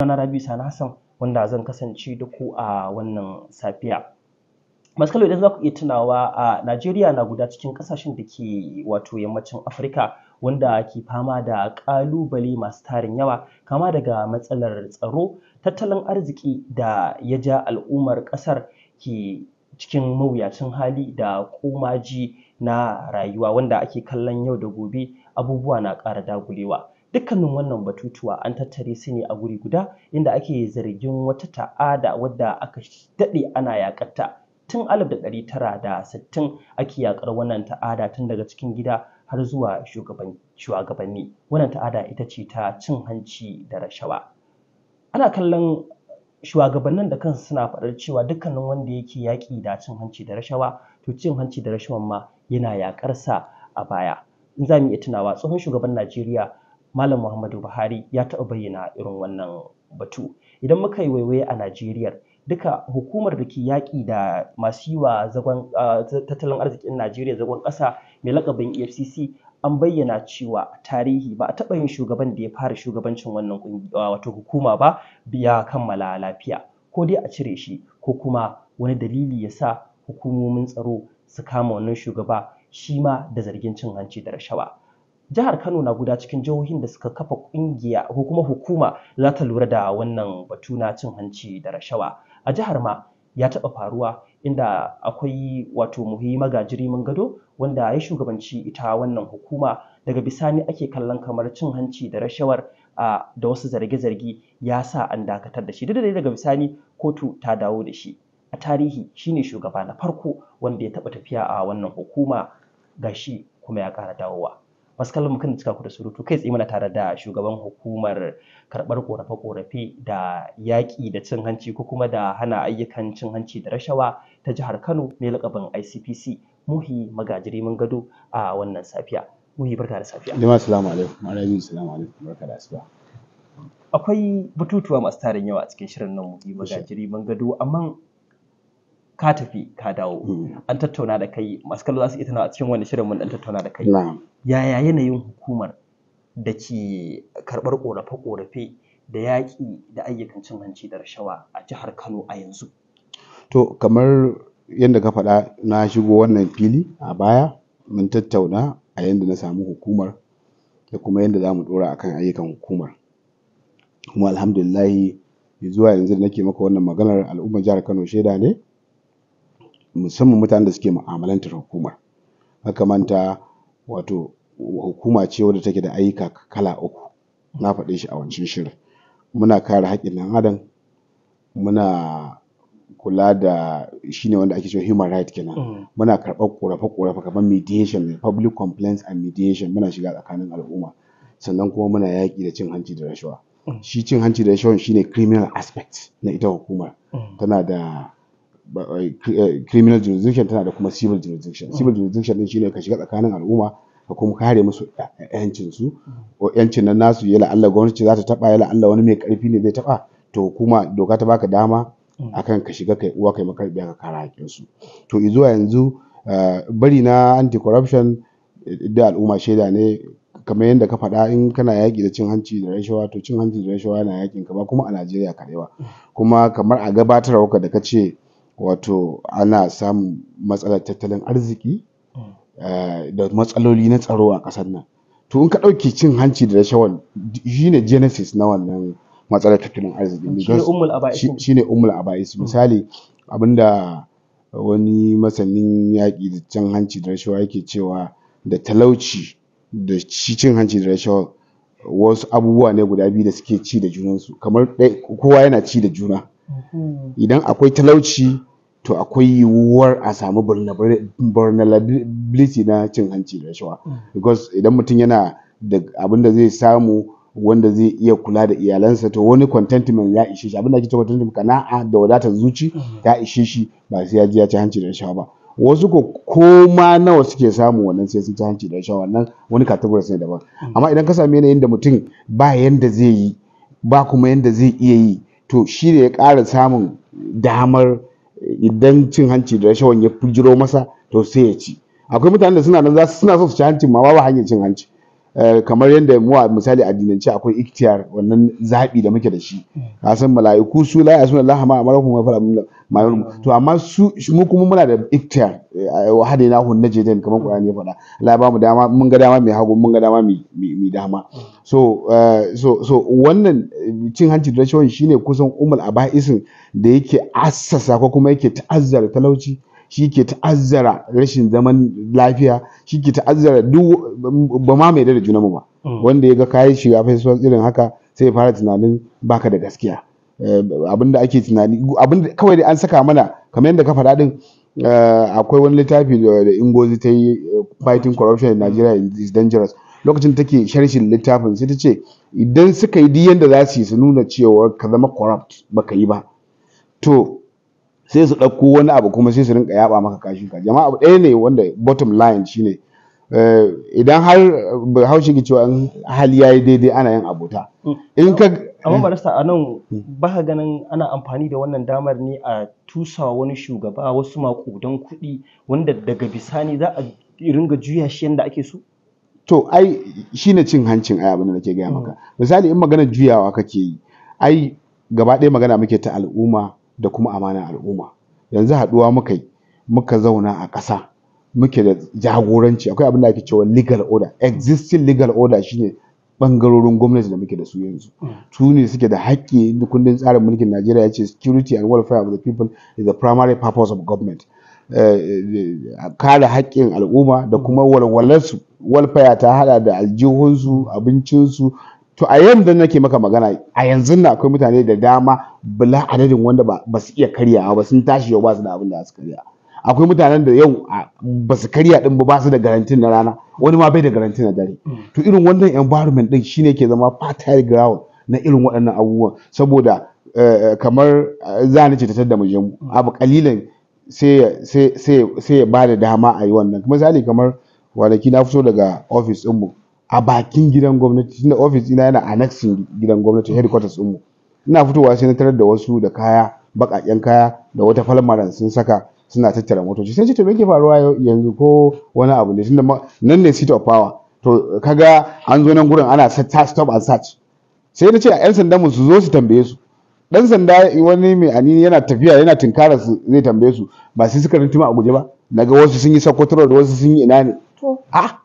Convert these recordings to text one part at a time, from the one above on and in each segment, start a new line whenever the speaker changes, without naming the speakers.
Sunana Rabi Sani Hassan wanda zan kasance da a wannan safiya. Maskalo idan za ku iya tunawa a Najeriya na guda cikin ƙasashen da ke wato yammacin Afirka wanda ke fama da ƙalubale masu tarin yawa kama daga matsalar tsaro, tattalin arziki da ya ja al'ummar ƙasar ke cikin mawuyacin hali da komaji na rayuwa wanda ake kallon yau da gobe abubuwa na ƙara dagulewa. Dukkanin wannan batutuwa an tattare su ne a guri guda inda ake zargin wata ta'ada wadda aka daɗe ana yakarta. Tun sittin ake yakar wannan ta'ada tun daga cikin gida har zuwa shugabanni. Wannan ta'ada ita ce ta cin hanci da rashawa. Ana kallon shugabannin da kansu suna faɗar cewa dukkanin wanda yake yaƙi da cin hanci da rashawa to cin hanci da rashawan ma yana yaƙarsa a baya. In za mu iya tunawa tsohon shugaban Najeriya Malam Muhammadu Buhari ya taɓa bayyana irin wannan batu. Idan muka yi waiwaye a Najeriya duka hukumar da ke yaƙi da masu yi wa tattalin arzikin Najeriya zagon ƙasa mai laƙabin EFCC an bayyana cewa tarihi ba a taɓa yin shugaban da ya fara shugabancin wannan wato hukuma ba ya kammala lafiya ko dai a cire shi ko kuma wani dalili ya sa hukumomin tsaro su kama wannan shugaba shi ma da zargin cin hanci da rashawa. jihar Kano na guda cikin jihohin da suka kafa kungiya ko kuma hukuma za ta lura da wannan batu na cin hanci da rashawa a jihar ma ya taɓa faruwa inda akwai wato muhimmi magajiri mun gado wanda ya shugabanci ita wannan hukuma daga bisani ake kallon kamar cin hanci da rashawar da wasu zarge-zarge ya sa an dakatar da shi duk da daga bisani kotu ta dawo da shi a tarihi shine shugaba na farko wanda ya taɓa tafiya a wannan hukuma ga shi kuma ya ƙara dawowa masu kallon mu kan cika ku da surutu kai tsaye muna tare da shugaban hukumar karɓar korafe-korafe da yaƙi da cin hanci ko kuma da hana ayyukan cin hanci da rashawa ta jihar Kano mai lakabin ICPC Muhi Magajiri mun gado a wannan safiya. Muhi barka da safiya. Jama'a salamu alaikum.
Alaikum salamu
alaikum. Barka da asuba.
Akwai batutuwa
masu tarin yawa a cikin shirin nan Muhi Magajiri mun gado amma ka tafi ka dawo hmm. an tattauna da kai masu kallo za su iya tana a cikin wani shirin mun dan tattauna da kai yaya yanayin hukumar da ke karɓar ƙorafe-ƙorafe da yaƙi da ayyukan cin hanci da rashawa a jihar Kano a yanzu?
To kamar yadda ka faɗa na shigo wannan fili a baya mun tattauna a yadda na samu hukumar da kuma yadda za mu ɗora akan ayyukan hukumar. Kuma alhamdulillahi zuwa yanzu da nake maka wannan maganar al'ummar jihar Kano shaida ne musamman mutanen da suke mu'amalantar hukumar haka manta wato hukuma ce wadda take da ayyuka kala uku na faɗe shi a wancan shirin muna kare haƙƙin ɗan adam muna kula da shine wanda ake cewa human right kenan mm. muna karɓar ƙorafe-ƙorafe kamar mediation public complaints and mediation muna shiga tsakanin al'umma sannan kuma muna yaƙi da cin hanci da rashawa mm. shi cin hanci da rashawan shine criminal aspect na ita hukumar mm. tana da Eh, eh, criminal jurisdiction tana da kuma civil jurisdiction mm. civil jurisdiction din shine ka shiga tsakanin al'umma ka kuma kare musu yancin su mm. ko yancin nan nasu ya Allah gwamnati za ta taba ya Allah wani mai karfi ne zai taba to kuma doka ta baka dama mm. akan ka shiga kai uwa kai makarbi ka kare hakkin su to zuwa yanzu eh, bari na anti corruption da al'umma shaida ne kamar yadda ka faɗa in kana yaƙi da cin hanci da rashawa to cin hanci da rashawa yana yakin ka ba kuma a Najeriya karewa kuma kamar a gabatarwa da ka ce wato ana samun matsalar tattalin arziki hmm. eh, da matsaloli na tsaro a ƙasar nan to in ka ɗauki cin hanci da rashawar shi ne genesis na wannan matsalar tattalin arziki shi ne umul aba'is hmm. misali abinda wani masanin yaƙi da cin hanci da rashawa yake cewa da talauci da shi cin hanci da rashawa wasu abubuwa ne guda biyu da suke ci da junansu kamar kowa yana ci da juna idan akwai talauci to akwai yiwuwar a samu vulnerability na cin hanci da rashawa mm. because idan mutum yana da abin da zai samu wanda zai iya kula da iyalansa to wani contentment ya ishe shi abinda ake cewa contentment kana'a da wadatar zuci mm. ya ishe shi ba sai ya ji ya ci hanci da rashawa ba wasu ko koma nawa suke samu wannan sai sun ci hanci da rashawa wannan wani categories ne daban mm. amma idan ka sami yanayin da mutum ba yanda zai yi ba kuma yanda zai iya yi to shi ne ya ƙara samun damar idan cin hanci da rashawan ya jiro masa to sai ya ci akwai mutanen da suna nan suna so su ci hancin ma babu hanyar cin hanci Eh, kamar yadda mu a misali addinance akwai ikhtiyar wannan zaɓi da muke da shi ka san mala'iku su la yasuna Allah ma amara kuma fara mayun mm. to amma su mu kuma muna da ikhtiyar eh, wa hadaina hun najidan kamar Qur'ani ya faɗa Allah mu dama mun ga dama mai hagu mun ga dama mai dama eh, so wannan cin hanci da rashawan shine kusan umul aba'isin da yake assasa ko kuma yake ta'azzara talauci shi ke ta'azzara rashin zaman lafiya shi ta'azzara duk ba ma mai da juna mu ba mm. wanda ya ga kayi shiga facebook irin haka sai ya fara tunanin baka da gaskiya eh, abinda ake tunani abinda kawai dai an saka mana kamar yadda ka faɗa din eh, akwai wani littafi da ingozi ta yi eh, fighting corruption in nigeria is dangerous lokacin take sharshin littafin sai ta ce idan suka yi duk yadda za su yi su nuna cewa ka zama corrupt baka yi ba to sai su ɗauko wani abu kuma sai su rinka yaba maka kashin ka jama'a abu ɗaya ne wanda bottom line shine eh, idan har eh, haushi ki cewa hali yayi daidai ana yin abota in ka eh, amma
barista a nan hmm. ba ka ganin ana amfani da wannan damar ne a tusa wani shugaba wasu makudan kuɗi wanda daga bisani za a ringa juya shi yadda ake so
to ai shine cin hancin ai abin da nake gaya maka hmm. misali in magana juyawa kake yi ai gaba ɗaya magana muke ta al'umma da kuma amanar al'umma yanzu haɗuwa muka yi muka zauna a ƙasa muke da jagoranci akwai abin da ake cewa legal order existing legal order shine bangarorin gwamnati da muke da su yanzu mm. su ne suke da haƙƙi kundin tsarin mulkin Najeriya ya ce security and welfare of the people is the primary purpose of government eh, kare haƙƙin al'umma da kuma walwalarsu welfare ta hada da aljihunsu abincinsu to a na nake maka magana a yanzu na akwai mutane da dama bala adadin wanda ba su iya karya ba sun tashi yau ba su da abin da su karya akwai mutanen da yau ba su karya din ba su da garantin na rana wani ma bai da garantin na dare mm. to irin wannan environment din shine ke zama fertile ground na irin waɗannan abubuwan saboda eh, eh, kamar eh, za ni ce tattar da mu mm. abu kalilan sai ya ba da dama a yi wannan misali kamar kwanaki na fito daga ofis ɗinmu a bakin gidan gwamnati tunda ofis ina yana annexin gidan gwamnati headquarters mu ina fitowa sai na tarar da wasu da kaya bakakken kaya da wata falmaran sun saka suna tattara motoci sai ce to me faruwa yanzu ko wani abu ne tunda nan ne seat of power to kaga an zo nan gurin ana stop and search sai na ce a 'yan sandan mu su zo su tambaye su dan sanda wani mai ani yana tafiya yana tinkara su zai tambaye su ba sai suka rintima a guje ba naga wasu sun yi sakwatarwa da wasu sun yi ina ne to ah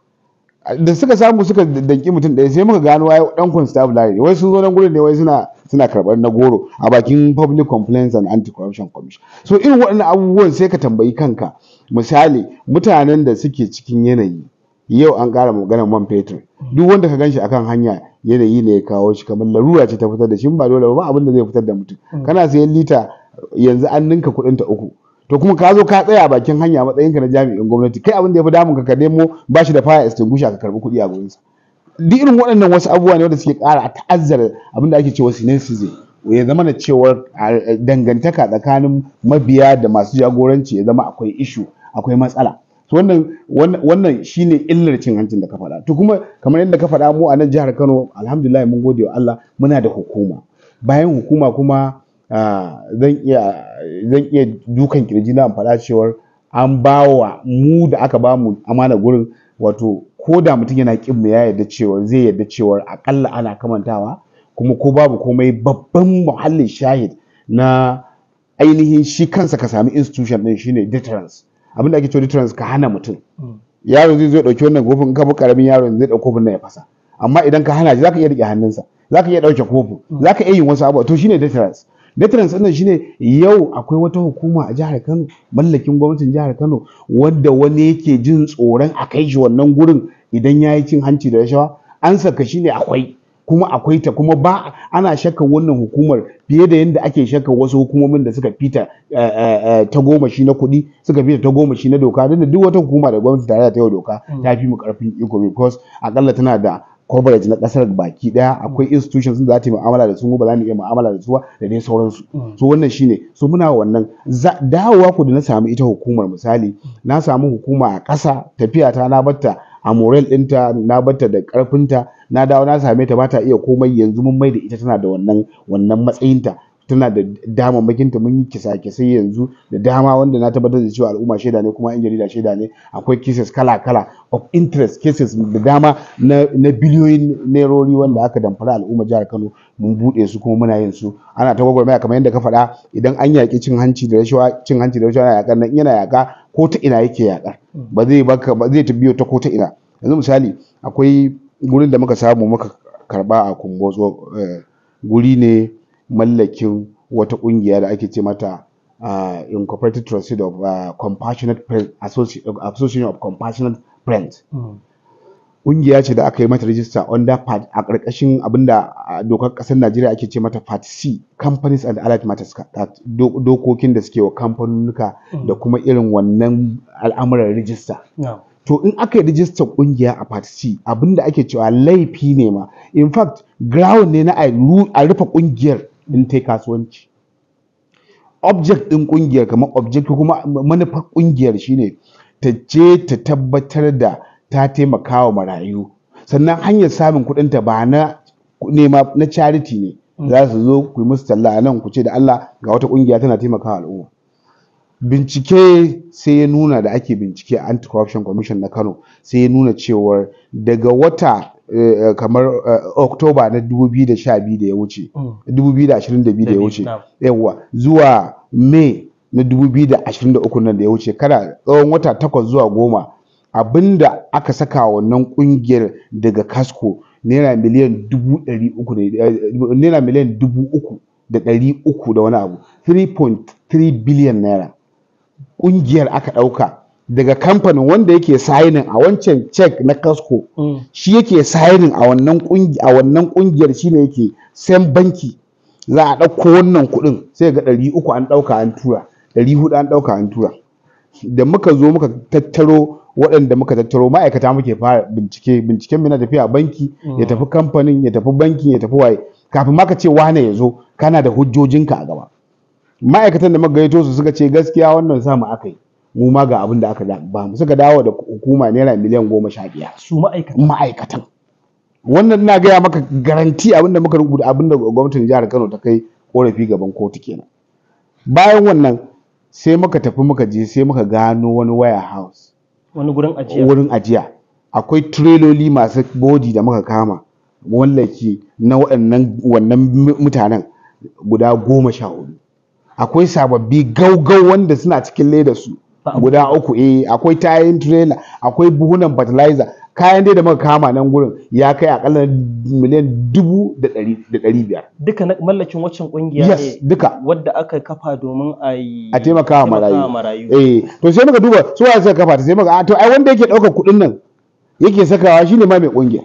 da suka samu suka danki mutum ɗaya sai muka gano wai dan constable ne wai sun zo nan gurin ne wai suna suna karɓar na goro a bakin public complaints and anti corruption commission so irin waɗannan abubuwan sai ka tambayi kanka misali mutanen da suke cikin yanayi yau an ƙara maganar man fetur duk wanda ka ganshi akan hanya yanayi ne ya kawo shi kamar larura ce ta fitar da shi ba dole ba abin da zai fitar da mutum hmm. kana sayan lita yanzu an ninka kuɗin ta uku to kuma ka zo ka tsaya a bakin hanya matsayin ka na jami'in gwamnati kai abin da ya fi damun ka ka nemo ba shi da fire extinguisher ka karbi kuɗi a su. duk irin waɗannan wasu abubuwa ne wanda suke ƙara ta'azzara abin da ake cewa sinensize ya zama na cewa dangantaka tsakanin mabiya da masu jagoranci ya zama akwai ishu akwai matsala to wannan wannan shine illar cin hancin da ka faɗa to kuma kamar yadda ka faɗa mu a nan jihar Kano alhamdulillah mun gode wa Allah muna da hukuma bayan hukuma kuma Ah, zan iya zan iya dukan kirji na faɗa cewar an bawa mu da aka bamu amana gurin wato ko da mutum yana ƙin mu ya yarda cewar zai yarda cewar akalla ana kamantawa kuma ko babu komai babban muhallin shahid na ainihin shi kansa ka sami institution din shine deterrence abinda ake cewa deterrence ka hana mutum hmm. yaro zai zo dauki wannan kofin ka bi karamin yaro zai dauki kofin ya fasa amma idan ka hana shi zaka iya rike hannunsa zaka iya dauke kofin hmm. zaka iya yin wasu abu. to shine deterrence veterans ɗin shine yau akwai wata hukuma a jihar Kano mallakin gwamnatin jihar Kano wadda wani yake jin tsoron a kai shi wannan gurin idan ya yi cin hanci da rashawa an saka shi ne akwai kuma akwai ta kuma ba ana shakka wannan hukumar fiye da yadda ake shakka wasu hukumomin da suka fita eh, eh, eh, ta goma shi na kuɗi suka fita ta goma shi na doka don duk wata hukuma da gwamnati tare da ta wa doka mm. ta fi mu karfin iko because akalla tana da coverage na kasar baki daya akwai mm. institutions da za ta yi mu'amala da su mu ba za mu iya mu'amala da su ba da dai sauransu mm. so wannan shine so muna wannan dawowa ku da na samu ita hukumar misali mm. na samu hukuma a ƙasa tafiya ta na batta a moral ɗinta na batta da ƙarfinta na dawo na same ta ba ta iya komai yanzu mun mai da ita tana da wannan wannan matsayinta tana da dama makinta mun yi kisa-kisai yanzu da dama wanda na tabbatar da cewa al'umma shaida ne kuma 'yan jarida shaida ne akwai cases kala-kala of interest cases da dama na, biliyoyin nerori wanda aka damfara al'umma jihar kano mun bude su kuma muna yin su ana ta gwagwarmaya kamar yadda ka faɗa idan an yaki cin hanci da rashawa cin hanci da rashawa yana yaƙar nan yana yaƙa ko ta ina yake yaƙa ba zai baka ba zai tabbiyo ta ko ta ina yanzu misali akwai gurin da muka samu muka karba a kumbotso eh, guri ne mallakin wata ƙungiya da ake ce mata uh, incorporated trustee of compassionate friends association of compassionate friends mm. ƙungiya ce da aka yi mata rijista under part a ƙarƙashin abinda dokar ƙasar Najeriya ake ce mata part C companies and allied matters dokokin da suke wa kamfanonuka mm. da kuma irin wannan al'amuran rajista to in aka yi rijistar ƙungiya a part C abinda ake cewa laifi ne ma in fact ground ne na a rufe ƙungiyar din ta kasuwanci object din kungiyar kamar object kuma manufar kungiyar shine ta je ta tabbatar da ta taimaka wa marayu sannan hanyar samun ta ba na nema na charity ne za su zo ku yi musu talla nan ku ce da Allah ga wata kungiya tana taimaka al'umma bincike sai ya nuna da ake bincike anti corruption commission na Kano sai ya nuna cewa daga wata Eh, eh, kamar eh, oktoba na 2012 da ya wuce 2022 mm. da ya wuce yawwa zuwa may na 2023 nan da ya wuce kana tsawon wata takwas zuwa goma abinda aka saka wannan kungiyar daga kasko naira miliyan dubu ɗari uku naira miliyan dubu uku da ɗari uku da wani abu 3.3 biliyan naira kungiyar aka ɗauka daga kamfanin wanda yake signing a wancan cek na kasko, mm. shi yake signing a wannan kungiyar a wannan kungiyar yake sayan banki za a ɗauko wannan kuɗin sai ga ɗari uku an ɗauka an tura ɗari huɗu an ɗauka an tura da muka zo muka tattaro waɗanda muka tattaro ma'aikata muke fara bincike binciken na tafiya banki ya mm. tafi kamfanin ya tafi banki ya tafi waye kafin ma ka ce wane ya zo kana da hujjojinka a gaba ma'aikatan da muka gaito su suka ce gaskiya wannan samu aka yi mu ma ga abin da aka ba mu suka dawo da hukuma naira miliyan goma sha biyar su ma'aikatan ma'aikatan wannan na gaya maka garanti abin da muka rubuta abin da gwamnatin jihar Kano ta kai korafi gaban kotu kenan bayan wannan sai muka tafi muka je sai muka gano wani house
wani gurin ajiya wurin
ajiya akwai tireloli masu bodi da muka kama wallaki na waɗannan wannan mutanen guda goma sha hudu akwai sababbi gaugau wanda suna cikin leda su guda uku eh akwai tayin trailer akwai buhunan fertilizer kayan dai da muka kama nan gurin ya kai akalla miliyan dubu da ɗari biyar.
Duka na mallakin waccan ƙungiya ne duka wadda aka kafa domin a yi a taimaka wa marayu.
Eh to sai muka duba su waye suka kafa ta sai muka to ai wanda yake ɗaukar kuɗin nan yake sakawa shine ma mai ƙungiya.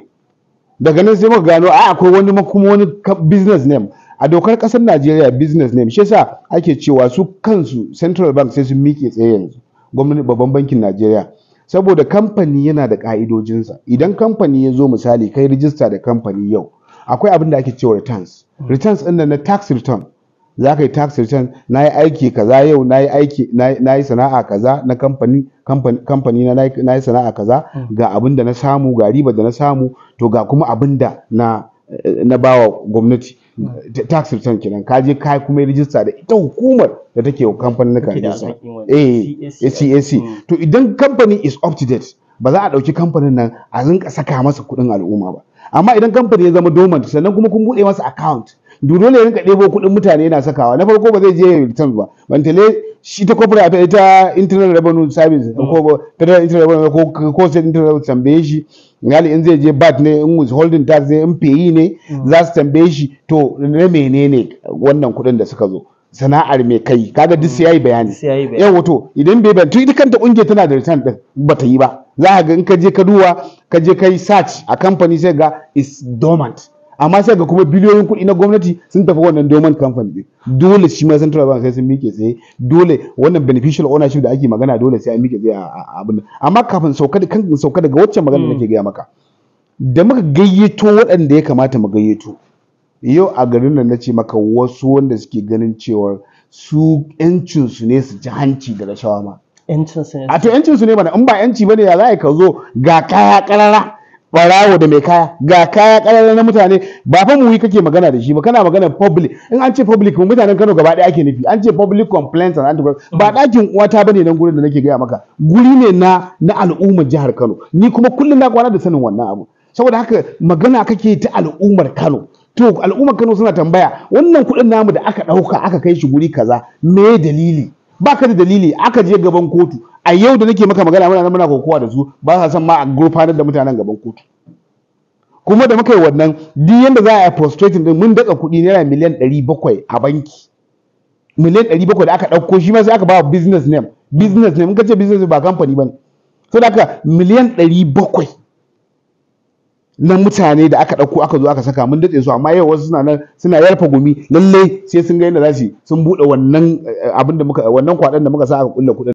Daga nan sai muka gano a akwai wani kuma wani business name a dokar ƙasar Najeriya business name shi yasa ake cewa su kansu central bank sai su miƙe tsaye yanzu. gwamnati babban bankin Najeriya saboda kamfani yana da ƙa'idojinsa. idan kamfani ya zo misali kai rijista da kamfani yau akwai abin da ake cewa returns hmm. returns ɗin na tax return za ka yi tax return na yi aiki kaza yau na yi aiki na yi sana'a kaza na kamfani kamfani na na yi sana'a kaza hmm. ga abin da na samu ga riba da na samu to ga kuma abin da na na bawa gwamnati hmm. tax return kenan ka je ka kuma yi rijista da ita hukumar da take wa kamfanin da CAC eh, eh, hmm. to idan kamfani is up to date ba za a ɗauki kamfanin nan a rinka saka masa kuɗin al'umma ba amma idan kamfani ya zama dormant sannan kuma kun buɗe masa account dole ne rinka ɗebo kuɗin mutane yana sakawa na farko ba zai je return ba tale shi ta corporate ita internal revenue service hmm. ko ta internal revenue ko ko sai internal revenue tambaye shi ngali in zai je bat ne in holding tax ne in pay ne hmm. za su tambaye shi to na menene wannan kuɗin da suka zo sana'ar mai kai kaga duk sai yayi mm. bayani yau wato idan bai bayani to ita kanta kungiyar tana da return din bata yi ba za ka ga in ka je ka duwa ka je yi search a kamfani sai ga is dormant amma sai ga kuma biliyoyin kuɗi na gwamnati sun tafi wannan dormant company din dole shi ma central bank sai sun mike tsaye dole wannan beneficial ownership da ake magana dole sai an mike tsaye a abin amma kafin sauka da kan sauka daga waccan magana mm. nake gaya maka da muka gayyato waɗanda ya kamata mu gayyato yau a garin nan na ce maka wasu wanda suke ganin cewar su yancin su ne su ci hanci da rashawa ma yancin su ne a to yancin su ne bana in ba yanci bane ya za ka zo ga kaya karara barawo da mai kaya ga kaya karara na mutane ba fa mu kake magana da shi ba kana magana public in an ce public mu mutanen Kano gaba ɗaya ake nufi an ce public complaints and mm. ba ɗakin wata bane nan gurin da nake gaya maka guri ne na na al'ummar jihar Kano ni kuma kullum na kwana da sanin wannan abu saboda haka magana kake ta al'ummar Kano to al'ummar Kano suna tambaya wannan kuɗin namu da aka ɗauka aka kai shi guri kaza me dalili Ba ka da dalili aka je gaban kotu a yau da nake maka magana muna muna kokowa da su ba sa san ma a gurfanar da mutanen gaban kotu kuma da muka yi wannan duk yanda za a yi prostrating din mun daka kuɗi naira miliyan bakwai a banki miliyan bakwai da aka ɗauko shi ma sai aka ba business name business name in ka ce business ba company ba ne saboda haka miliyan bakwai. na mutane da aka ɗauko aka zo aka saka mun daɗe su amma yau wasu suna nan suna yarfa gumi lallai sai sun ga yadda za su sun buɗe wannan eh, abin da muka wannan kwaɗon da muka sa aka kulle kuɗin